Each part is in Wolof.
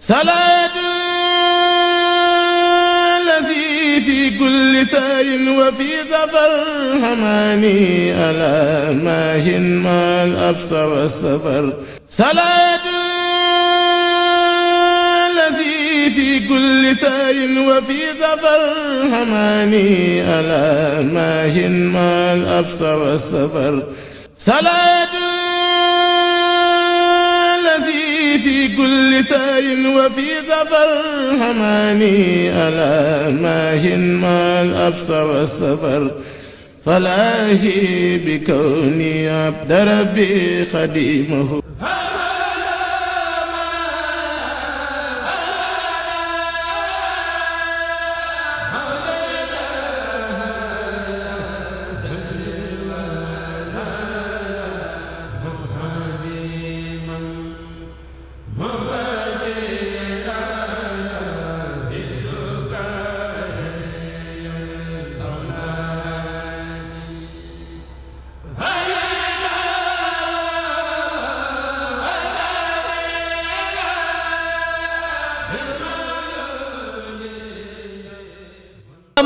salaat lazi fi kulli saarin wa fi safar xamaani ala maahin maal absa wa safar salaat lazi fi kulli saarin wa fi safar xamaani ala maahin maal absa wa safar salaat في كل سير وفي ظفر هماني ألا ماهن ما الأبصر والسفر فلاهي بكوني عبد ربي خديمه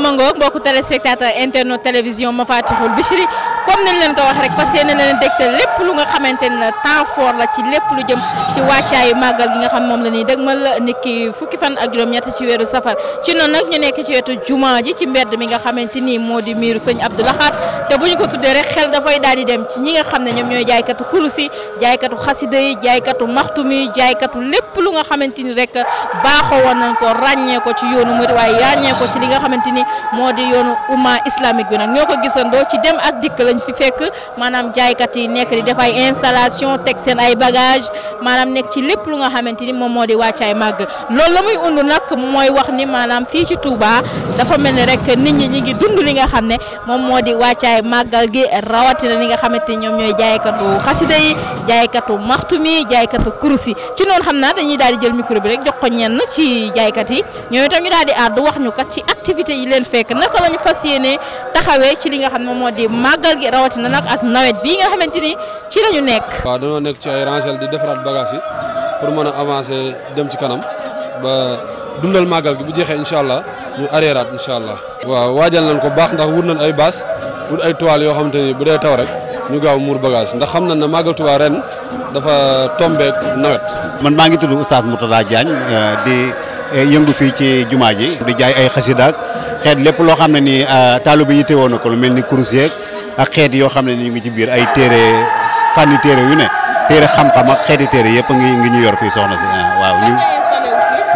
mangoog mbokku téléspectateur internet télévision ma faatixul Bichri comme nañ leen ko wax rek fas yéene leen dégtal lépp lu nga xamante ne temps fort la ci lépp lu jëm ci wàccaayu màggal gi nga xam moom la ñuy dëgmal nit ki fukki fan ak juróom-ñett weeru safar ci noonu nag ñu nekk ci wetu juma ji ci mbedd mi nga xamante ni moo di miiru sëñ Abdou Lahat te bu ñu ko tuddee rek xel dafay daal di dem ci ñi nga xam ne ñoom ñooy jaaykatu kurus yi jaaykatu xasida yi jaaykatu maxtum yi jaaykatu lépp lu nga xamante ni rek baaxoo woon nañ ko ràññee ko ci yoonu murid waaye ràññee ko ci li nga xamante ni moo di yoonu umma islamique bi nag ñoo ko gisandoo ci dem ak dikk lañ fi fekk maanaam jaaykat yi nekk di def ay installation teg seen ay bagage maanaam nekk ci lépp lu nga xamante ni moom moo di wàccaay màgg loolu la muy undu nag mooy wax ni maanaam fii ci Touba dafa mel ni rek nit ñi ñi ngi dund li nga xam ne moom moo di waccaay màggal gi rawatina li nga xamante ni ñoom ñooy jaaykatu xasida yi jaaykatu maxtum yi jaaykatu kurus yi ci noonu xam naa dañu daal di jël micro bi rek jox ko ñenn ci jaaykat yi ñoom itam ñu daal di àddu wax ñu kat ci activité yi leen fekk naka la fas yéenee taxawee ci li nga xam ne moom moo di màggal gi gi rawatina nag ak nawet bii nga xamante ni ci la nekk. waaw dañoo nekk ci ay rangel di defaraat bagage yi pour mën a avancer dem ci kanam ba dundal màggal gi bu jeexee incha allah mu areeraat incha allah. waa waajal nañ ko baax ndax wut nañ ay bâche wut ay toile yoo xamante ni bu dee taw rek ñu gaaw muur bagage ndax xam nañ ne màggal Tuubaa ren dafa tombeek nawet. man maa ngi tudd Oustaz Mourtada Diagne euh, di euh, yëngu fii ci jumaa ji. di jaay ay xasida xeet lépp loo xam ne nii euh, taalibe yi yittewoo na ko lu mel ni kurus yeeg ak xeet yoo xam ne ñu ngi ci biir ay téere fànni téere yu ne téere xam-xam ak xeeti téere yëpp ngi ngi ñu yor fii soxna si ah, waaw ñu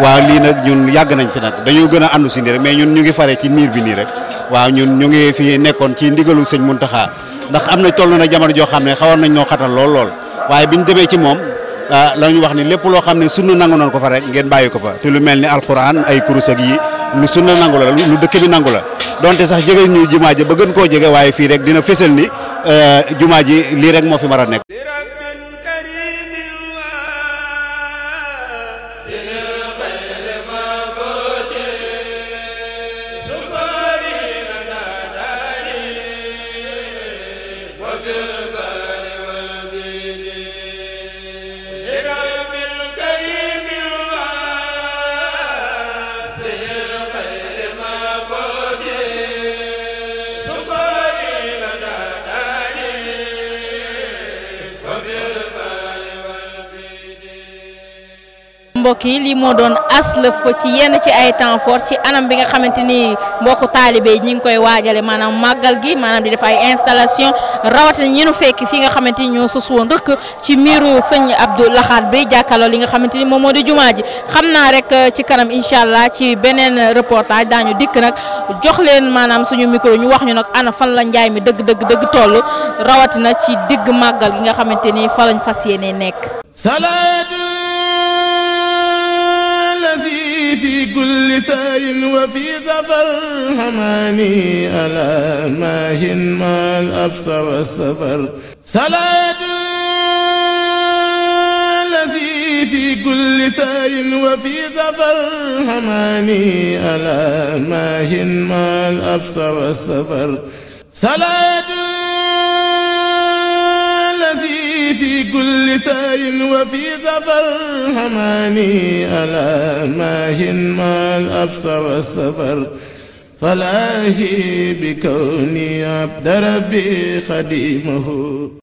waaw lii nag ñun yàgg nañ fi nag dañoo gën a àndu si nii rek mais ñun ñu ngi fare ci miir bi nii rek waaw ñun ñu ngi fi nekkoon ci ndigalu sëñ mun Muntaxa ndax am na toll na jamono joo xam ne xawoon nañ ñoo xatal lool lool waaye biñ demee ci moom ah, la ñu wax ni lépp loo xam ne sunu nangu noon ko fa rek ngeen bàyyi ko fa te lu mel ni alxuraan ay kurus yi lu sunna nangu la lu dëkk bi nangu la donte sax jege ñu jumaa ji ba gën koo jege waaye fii rek dina fésal ni euh, jumaa ji lii rek moo fi mar a nekk mbokk yi lii moo doon aslëf ci yenn ci ay temps fort ci anam bi nga xamante ni mbokku taalibe ñi ngi koy waajale maanaam màggal gi maanaam di def ay installation rawatina ñi nu fekk fi nga xamante ni ñoo sos woon rëkk ci miiru sëñ Abdou Lahat bi jàkkaarloo li nga xamante ni moom moo di jumaa ji xam naa rek euh, ci kanam incha allah ci beneen reportage daañu dikk nag jox leen maanaam suñu micro ñu wax ñu nag ana fan la njaay mi dëgg dëgg dëgg toll rawatina ci digg màggal gi nga xamante ni fa lañ fas yéene nekk. في كل سار وفي ظفر حماني ألا ماهن ما الأبصر والسفر صلاة الذي في كل سار وفي ظفر حماني ألا ماهن ما الأبصر والسفر صلاة في كل سير وفي ظفر حماني ألا ماهن ما الأبصر السفر فلاهي بكوني عبد ربي خديمه